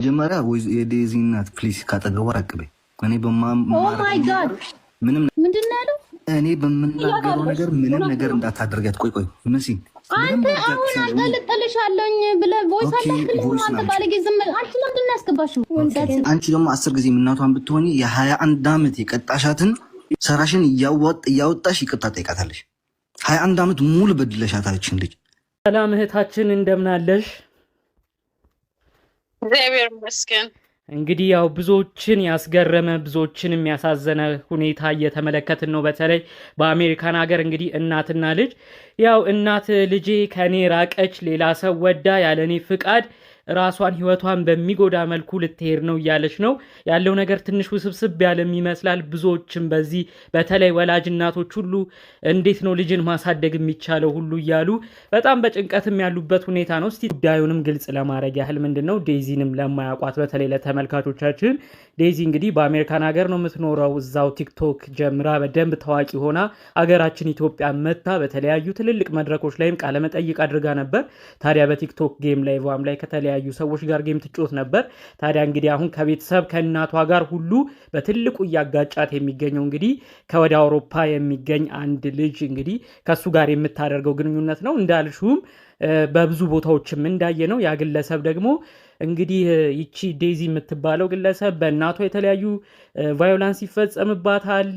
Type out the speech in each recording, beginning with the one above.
መጀመሪያ የዴዚ እናት ፕሊስ ካጠገቡ አቅበኝ። እኔ oh ምንድን እኔ በምናገረው ነገር ምንም ነገር እንዳታደርጋት። ቆይ ቆይ መሲ አንተ አሁን አንጠልጥልሻለኝ ብለህ ቮይስ አላክልኝም። አንቺ ደግሞ አስር ጊዜ የምናቷን ብትሆኒ የሀያ አንድ ዓመት የቀጣሻትን ሰራሽን እያወጣሽ ይቅርታ ጠይቃታለሽ። ሀያ አንድ ዓመት ሙሉ በድለሻታችን ልጅ። ሰላም እህታችን እንደምናለሽ? እግዚአብሔር ይመስገን። እንግዲህ ያው ብዙዎችን ያስገረመ ብዙዎችን የሚያሳዘነ ሁኔታ እየተመለከትን ነው። በተለይ በአሜሪካን ሀገር እንግዲህ እናትና ልጅ ያው እናት ልጄ ከኔ ራቀች፣ ሌላ ሰው ወዳ ያለኔ ፍቃድ ራሷን ህይወቷን በሚጎዳ መልኩ ልትሄድ ነው እያለች ነው ያለው ነገር ትንሽ ውስብስብ ያለም ይመስላል። ብዙዎችም በዚህ በተለይ ወላጅ እናቶች ሁሉ እንዴት ነው ልጅን ማሳደግ የሚቻለው ሁሉ እያሉ በጣም በጭንቀትም ያሉበት ሁኔታ ነው። እስቲ ጉዳዩንም ግልጽ ለማድረግ ያህል ምንድን ነው ዴይዚንም ለማያውቋት በተለይ ለተመልካቾቻችን ዴዚ እንግዲህ በአሜሪካን ሀገር ነው የምትኖረው። እዛው ቲክቶክ ጀምራ በደንብ ታዋቂ ሆና አገራችን ኢትዮጵያ መታ በተለያዩ ትልልቅ መድረኮች ላይም ቃለመጠይቅ አድርጋ ነበር። ታዲያ በቲክቶክ ጌም ላይቫም ላይ ከተለያዩ ሰዎች ጋር ጌም ትጮት ነበር። ታዲያ እንግዲህ አሁን ከቤተሰብ ከእናቷ ጋር ሁሉ በትልቁ እያጋጫት የሚገኘው እንግዲህ ከወደ አውሮፓ የሚገኝ አንድ ልጅ እንግዲህ ከሱ ጋር የምታደርገው ግንኙነት ነው እንዳልሹም በብዙ ቦታዎችም ነው። ያ ግለሰብ ደግሞ እንግዲህ ይቺ ዴዚ የምትባለው ግለሰብ በእናቷ የተለያዩ ቫዮላንስ ይፈጸምባታል።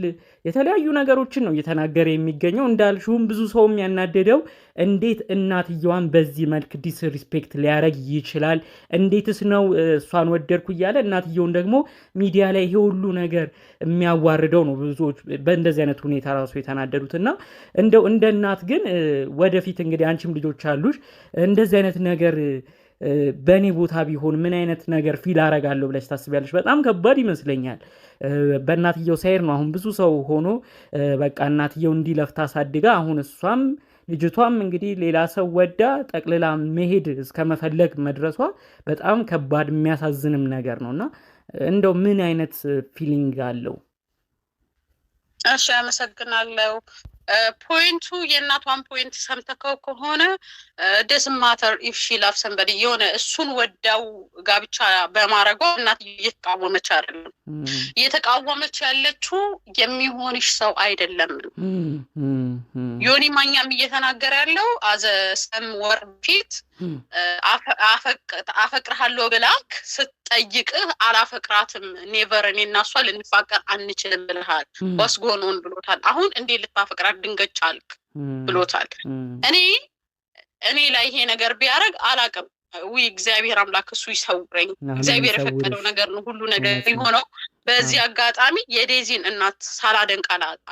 የተለያዩ ነገሮችን ነው እየተናገረ የሚገኘው። እንዳልሽውም ብዙ ሰው የሚያናደደው እንዴት እናትየዋን በዚህ መልክ ዲስሪስፔክት ሊያደረግ ይችላል? እንዴትስ ነው እሷን ወደድኩ እያለ እናትየውን ደግሞ ሚዲያ ላይ ይሄ ሁሉ ነገር የሚያዋርደው ነው። ብዙዎች በእንደዚህ አይነት ሁኔታ ራሱ የተናደዱት እና እንደው እንደ እናት ግን ወደፊት እንግዲህ አንቺም ልጆች አሉሽ እንደዚህ አይነት ነገር በእኔ ቦታ ቢሆን ምን አይነት ነገር ፊል አረጋለሁ ብለሽ ታስቢያለሽ? በጣም ከባድ ይመስለኛል። በእናትየው ሳይር ነው አሁን ብዙ ሰው ሆኖ በቃ እናትየው እንዲለፍታ ሳድጋ አሁን እሷም ልጅቷም እንግዲህ ሌላ ሰው ወዳ ጠቅልላ መሄድ እስከመፈለግ መድረሷ በጣም ከባድ የሚያሳዝንም ነገር ነው እና እንደው ምን አይነት ፊሊንግ አለው? እሺ፣ አመሰግናለሁ። ፖይንቱ የእናቷን ፖይንት ሰምተከው ከሆነ ደስ ማተር ኢፍ ሺ ላቭ ሰንበዲ የሆነ እሱን ወዳው ጋብቻ በማድረጓ እናት እየተቃወመች አይደለም፣ እየተቃወመች ያለችው የሚሆንሽ ሰው አይደለም። ዮኒ ማኛም እየተናገረ ያለው አዘ ሰም ወር ፊት አፈቅርሃለሁ ብላክ ስትጠይቅህ አላፈቅራትም ኔቨር፣ እኔ እና እሷ ልንፋቀር አንችልም ብልሃል። ወስጎኖን ብሎታል። አሁን እንዴ ልታፈቅራት ድንገች አልክ ብሎታል። እኔ እኔ ላይ ይሄ ነገር ቢያደርግ አላቅም ዊ እግዚአብሔር አምላክ እሱ ይሰውረኝ። እግዚአብሔር የፈቀደው ነገር ነው ሁሉ ነገር የሆነው። በዚህ አጋጣሚ የዴዚን እናት ሳላደንቅ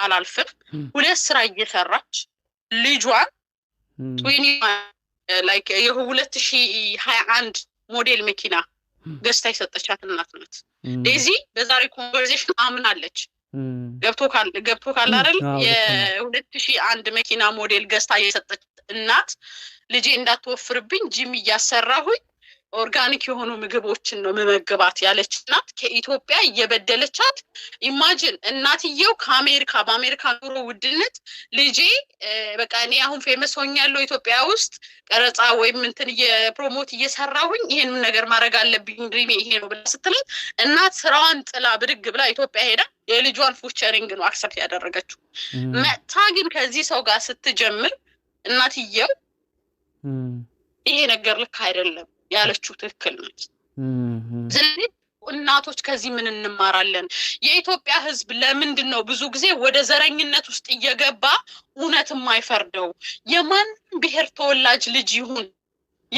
አላልፍም። ሁለት ስራ እየሰራች ልጇን ላይክ ሁለት ሺ ሀያ አንድ ሞዴል መኪና hmm. ገዝታ የሰጠቻት እናት ናት። hmm. ዴዚ በዛሬ ኮንቨርዜሽን አምናለች። hmm. ገብቶ ካል አይደል የሁለት ሺ አንድ መኪና ሞዴል ገዝታ የሰጠች እናት ልጄ እንዳትወፍርብኝ ጂም እያሰራሁኝ ኦርጋኒክ የሆኑ ምግቦችን ነው መመገባት ያለች እናት ከኢትዮጵያ እየበደለቻት። ኢማጅን እናትየው ከአሜሪካ በአሜሪካ ኑሮ ውድነት ልጄ በቃ እኔ አሁን ፌመስ ሆኛለሁ ኢትዮጵያ ውስጥ ቀረጻ ወይም እንትን የፕሮሞት እየሰራሁኝ ይሄንም ነገር ማድረግ አለብኝ ድሪሜ ይሄ ነው ብላ ስትላት እናት ስራዋን ጥላ ብድግ ብላ ኢትዮጵያ ሄዳ የልጇን ፉቸሪንግ ነው አክሰፕት ያደረገችው። መጥታ ግን ከዚህ ሰው ጋር ስትጀምር እናትየው ይሄ ነገር ልክ አይደለም ያለችው ትክክል ነች። ስለዚህ እናቶች ከዚህ ምን እንማራለን? የኢትዮጵያ ሕዝብ ለምንድን ነው ብዙ ጊዜ ወደ ዘረኝነት ውስጥ እየገባ እውነት የማይፈርደው? የማንም ብሔር ተወላጅ ልጅ ይሁን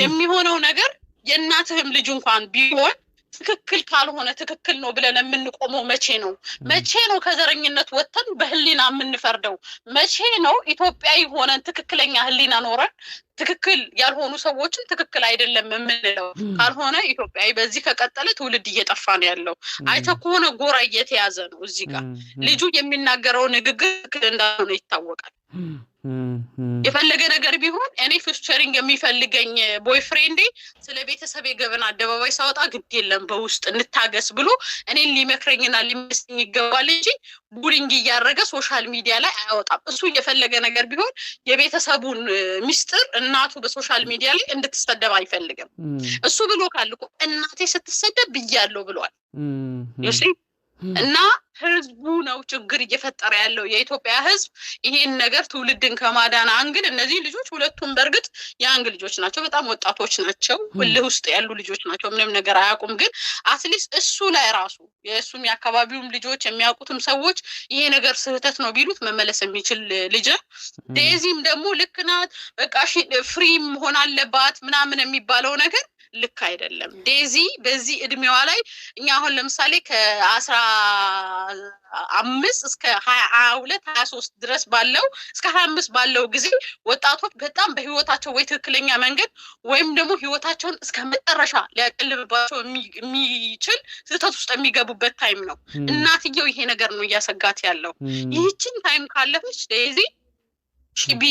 የሚሆነው ነገር የእናትህም ልጅ እንኳን ቢሆን ትክክል ካልሆነ ትክክል ነው ብለን የምንቆመው መቼ ነው? መቼ ነው ከዘረኝነት ወጥተን በህሊና የምንፈርደው? መቼ ነው ኢትዮጵያዊ ሆነን ትክክለኛ ህሊና ኖረን ትክክል ያልሆኑ ሰዎችን ትክክል አይደለም የምንለው? ካልሆነ ኢትዮጵያዊ በዚህ ከቀጠለ ትውልድ እየጠፋ ነው ያለው። አይተህ ከሆነ ጎራ እየተያዘ ነው። እዚህ ጋር ልጁ የሚናገረው ንግግር ትክክል እንዳልሆነ ይታወቃል። የፈለገ ነገር ቢሆን እኔ ፊቸሪንግ የሚፈልገኝ ቦይፍሬንዴ ስለ ቤተሰብ የገበን አደባባይ ሳወጣ ግድ የለም በውስጥ እንታገስ ብሎ እኔን ሊመክረኝና ሊመስኝ ይገባል እንጂ ቡሊንግ እያደረገ ሶሻል ሚዲያ ላይ አያወጣም። እሱ የፈለገ ነገር ቢሆን የቤተሰቡን ሚስጥር እናቱ በሶሻል ሚዲያ ላይ እንድትሰደብ አይፈልግም። እሱ ብሎ ካልኩ እናቴ ስትሰደብ ብያለሁ ብሏል። እና ህዝቡ ነው ችግር እየፈጠረ ያለው። የኢትዮጵያ ህዝብ ይሄን ነገር ትውልድን ከማዳን አንግል እነዚህ ልጆች ሁለቱም በእርግጥ የአንግ ልጆች ናቸው፣ በጣም ወጣቶች ናቸው፣ እልህ ውስጥ ያሉ ልጆች ናቸው፣ ምንም ነገር አያውቁም። ግን አትሊስት እሱ ላይ ራሱ የእሱም የአካባቢውም ልጆች የሚያውቁትም ሰዎች ይሄ ነገር ስህተት ነው ቢሉት መመለስ የሚችል ልጅ ዴዚም ደግሞ ልክ ናት። በቃ ፍሪም መሆን አለባት ምናምን የሚባለው ነገር ልክ አይደለም። ዴዚ በዚህ እድሜዋ ላይ እኛ አሁን ለምሳሌ ከአስራ አምስት እስከ ሀያ ሁለት ሀያ ሶስት ድረስ ባለው እስከ ሀያ አምስት ባለው ጊዜ ወጣቶች በጣም በህይወታቸው ወይ ትክክለኛ መንገድ ወይም ደግሞ ህይወታቸውን እስከ መጨረሻ ሊያቀልብባቸው የሚችል ስህተት ውስጥ የሚገቡበት ታይም ነው። እናትየው ይሄ ነገር ነው እያሰጋት ያለው። ይህችን ታይም ካለፈች ዴዚ ሺቢ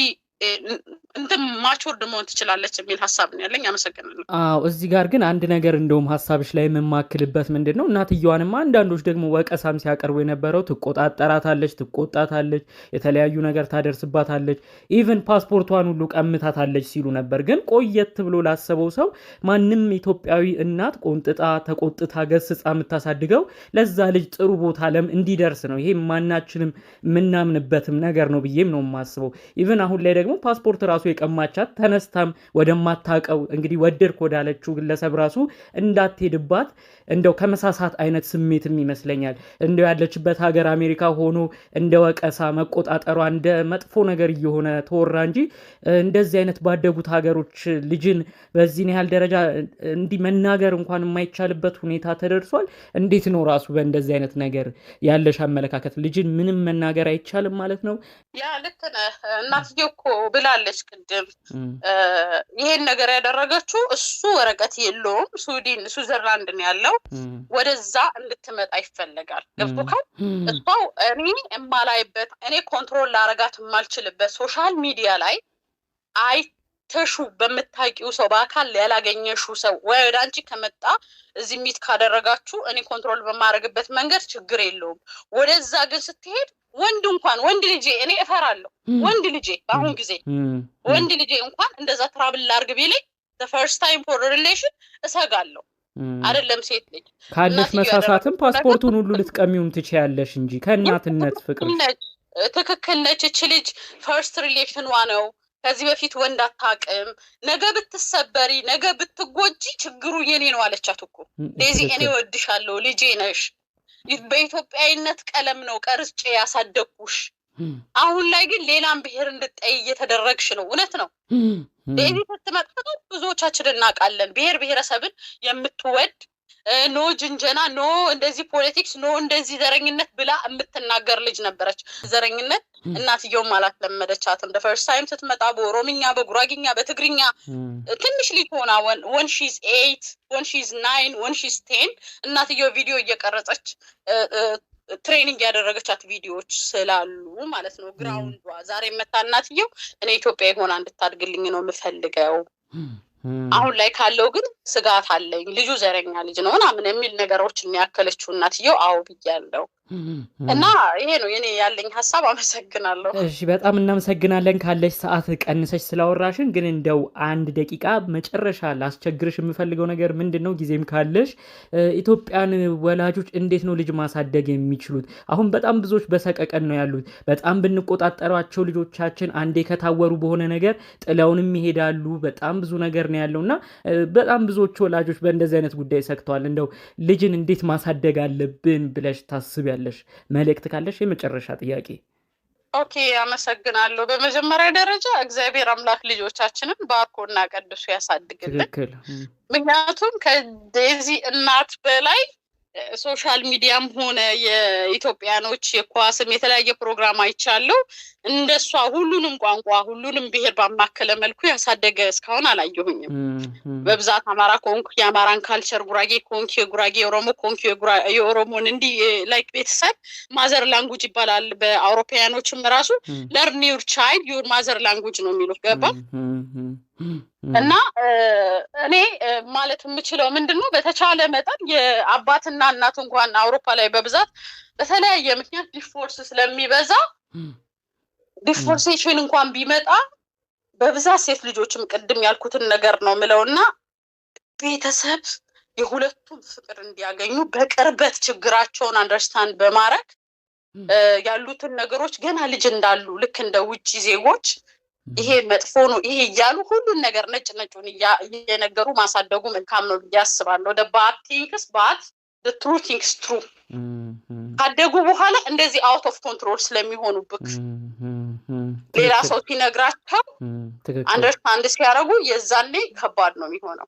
እንትም ማቹርድ መሆን ትችላለች የሚል ሀሳብ ነው ያለኝ። አመሰግናለሁ። አዎ እዚህ ጋር ግን አንድ ነገር እንደውም ሀሳብሽ ላይ የምማክልበት ምንድን ነው እናትየዋንማ አንዳንዶች ደግሞ ወቀሳም ሲያቀርቡ የነበረው ትቆጣጠራታለች፣ ትቆጣታለች፣ የተለያዩ ነገር ታደርስባታለች፣ ኢቨን ፓስፖርቷን ሁሉ ቀምታታለች ሲሉ ነበር። ግን ቆየት ብሎ ላሰበው ሰው ማንም ኢትዮጵያዊ እናት ቆንጥጣ ተቆጥታ ገስጻ የምታሳድገው ለዛ ልጅ ጥሩ ቦታ ለም እንዲደርስ ነው። ይሄ ማናችንም የምናምንበትም ነገር ነው ብዬም ነው የማስበው። ኢቨን አሁን ላይ ደግሞ ደግሞ ፓስፖርት ራሱ የቀማቻት ተነስታም ወደማታቀው እንግዲህ ወደድክ ወዳለችው ግለሰብ ራሱ እንዳትሄድባት እንደው ከመሳሳት አይነት ስሜትም ይመስለኛል። እንደው ያለችበት ሀገር አሜሪካ ሆኖ እንደ ወቀሳ መቆጣጠሯ እንደ መጥፎ ነገር እየሆነ ተወራ እንጂ እንደዚህ አይነት ባደጉት ሀገሮች ልጅን በዚህን ያህል ደረጃ እንዲህ መናገር እንኳን የማይቻልበት ሁኔታ ተደርሷል። እንዴት ነው ራሱ በእንደዚህ አይነት ነገር ያለሽ አመለካከት? ልጅን ምንም መናገር አይቻልም ማለት ነው? ያ ልክ ነህ። እናትዬ እኮ ብላለች ቅድም። ይሄን ነገር ያደረገችው እሱ ወረቀት የለውም ስዊድን ስዊዘርላንድ ነው ያለው። ወደዛ እንድትመጣ ይፈለጋል። ገብቶካል። እሷው እኔ የማላይበት እኔ ኮንትሮል ላረጋት የማልችልበት ሶሻል ሚዲያ ላይ አይ ተሹ በምታውቂው ሰው በአካል ያላገኘሹ ሰው ወደ አንቺ ከመጣ እዚህ ሚት ካደረጋችሁ እኔ ኮንትሮል በማድረግበት መንገድ ችግር የለውም። ወደዛ ግን ስትሄድ ወንድ እንኳን ወንድ ልጄ እኔ እፈራለሁ። ወንድ ልጄ በአሁን ጊዜ ወንድ ልጄ እንኳን እንደዛ ትራብል ላርግ ቢለኝ ፈርስት ታይም ፎር ሪሌሽን እሰጋለሁ። አይደለም ሴት ልጅ ካለሽ መሳሳትም ፓስፖርቱን ሁሉ ልትቀሚውም ትችያለሽ እንጂ ከእናትነት ፍቅር ትክክል ነች። እች ልጅ ፈርስት ሪሌሽንዋ ነው። ከዚህ በፊት ወንድ አታውቅም። ነገ ብትሰበሪ፣ ነገ ብትጎጂ ችግሩ የኔ ነው አለቻት እኮ ዴዚ። እኔ እወድሻለሁ ልጄ ነሽ በኢትዮጵያዊነት ቀለም ነው ቀርጬ ያሳደግኩሽ። አሁን ላይ ግን ሌላም ብሔር እንድጠይ እየተደረግሽ ነው። እውነት ነው። ለኤዲት ስትመጣ ብዙዎቻችን እናውቃለን። ብሔር ብሔረሰብን የምትወድ ኖ ጅንጀና፣ ኖ እንደዚህ ፖለቲክስ፣ ኖ እንደዚህ ዘረኝነት ብላ የምትናገር ልጅ ነበረች። ዘረኝነት እናትየውም አላትለመደቻትም። ደፈርስ ታይም ስትመጣ በኦሮምኛ፣ በጉራጌኛ፣ በትግርኛ ትንሽ ልጅ ሆና ወን ሺዝ ኤይት ወን ሺዝ ናይን ወን ሺዝ ቴን እናትየው ቪዲዮ እየቀረጸች ትሬኒንግ ያደረገቻት ቪዲዮዎች ስላሉ ማለት ነው። ግራውንዷ ዛሬ መታ እናትየው እኔ ኢትዮጵያ የሆና እንድታድግልኝ ነው የምፈልገው አሁን ላይ ካለው ግን ስጋት አለኝ ልጁ ዘረኛ ልጅ ነው ምናምን የሚል ነገሮችን የሚያከለችው እናትየው አዎ ብያለሁ። እና ይሄ ነው የኔ ያለኝ ሀሳብ። አመሰግናለሁ። እሺ፣ በጣም እናመሰግናለን ካለሽ ሰዓት ቀንሰሽ ስላወራሽን። ግን እንደው አንድ ደቂቃ መጨረሻ ላስቸግርሽ የምፈልገው ነገር ምንድን ነው፣ ጊዜም ካለሽ ኢትዮጵያን ወላጆች እንዴት ነው ልጅ ማሳደግ የሚችሉት? አሁን በጣም ብዙዎች በሰቀቀን ነው ያሉት። በጣም ብንቆጣጠሯቸው ልጆቻችን አንዴ ከታወሩ በሆነ ነገር ጥለውንም ይሄዳሉ። በጣም ብዙ ነገር ነው ያለው እና በጣም ብዙዎች ወላጆች በእንደዚህ አይነት ጉዳይ ሰግተዋል። እንደው ልጅን እንዴት ማሳደግ አለብን ብለሽ ታስቢያለሽ? ካለሽ መልእክት ካለሽ የመጨረሻ ጥያቄ። ኦኬ፣ አመሰግናለሁ። በመጀመሪያ ደረጃ እግዚአብሔር አምላክ ልጆቻችንን ባርኮና ቀድሱ ያሳድግልን። ምክንያቱም ከዴዚ እናት በላይ ሶሻል ሚዲያም ሆነ የኢትዮጵያኖች የኳስም የተለያየ ፕሮግራም አይቻለሁ። እንደሷ ሁሉንም ቋንቋ ሁሉንም ብሄር ባማከለ መልኩ ያሳደገ እስካሁን አላየሁኝም። በብዛት አማራ ኮንክ የአማራን ካልቸር፣ ጉራጌ ኮንክ የጉራጌ የኦሮሞ ኮንክ የኦሮሞን እንዲህ ላይክ ቤተሰብ ማዘር ላንጉጅ ይባላል። በአውሮፓውያኖችም ራሱ ለርን ዩር ቻይልድ ዩር ማዘር ላንጉጅ ነው የሚሉት ገባ እና እኔ ማለት የምችለው ምንድን ነው በተቻለ መጠን የአባትና እናት እንኳን አውሮፓ ላይ በብዛት በተለያየ ምክንያት ዲፎርስ ስለሚበዛ ዲፎርሴሽን እንኳን ቢመጣ በብዛት ሴት ልጆችም ቅድም ያልኩትን ነገር ነው ምለው እና ቤተሰብ የሁለቱም ፍቅር እንዲያገኙ በቅርበት ችግራቸውን አንደርስታንድ በማድረግ ያሉትን ነገሮች ገና ልጅ እንዳሉ ልክ እንደ ውጭ ዜጎች ይሄ መጥፎ ነው ይሄ እያሉ ሁሉን ነገር ነጭ ነጩን እየነገሩ ማሳደጉ መልካም ነው ብዬ አስባለሁ። ባት ቲንክስ ባት ትሩ ቲንክስ ትሩ ካደጉ በኋላ እንደዚህ አውት ኦፍ ኮንትሮል ስለሚሆኑብክ ሌላ ሰው ሲነግራቸው አንደርስታንድ ሲያደርጉ የዛኔ ከባድ ነው የሚሆነው።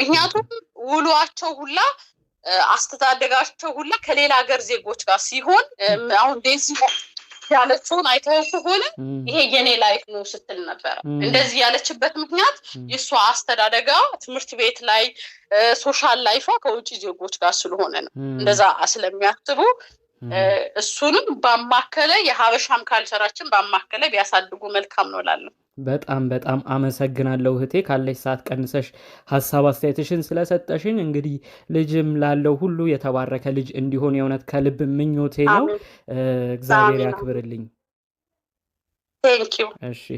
ምክንያቱም ውሏቸው ሁላ አስተዳደጋቸው ሁላ ከሌላ ሀገር ዜጎች ጋር ሲሆን አሁን ያለችውን አይተኸው ከሆነ ይሄ የኔ ላይፍ ነው ስትል ነበረ። እንደዚህ ያለችበት ምክንያት የእሷ አስተዳደጋ ትምህርት ቤት ላይ ሶሻል ላይፏ ከውጭ ዜጎች ጋር ስለሆነ ነው። እንደዛ ስለሚያስቡ እሱንም ባማከለ የሀበሻም ካልቸራችን ባማከለ ቢያሳድጉ መልካም ነው እላለሁ። በጣም በጣም አመሰግናለሁ እህቴ ካለች ሰዓት ቀንሰሽ ሀሳብ አስተያየትሽን ስለሰጠሽኝ። እንግዲህ ልጅም ላለው ሁሉ የተባረከ ልጅ እንዲሆን የእውነት ከልብ ምኞቴ ነው። እግዚአብሔር ያክብርልኝ። እሺ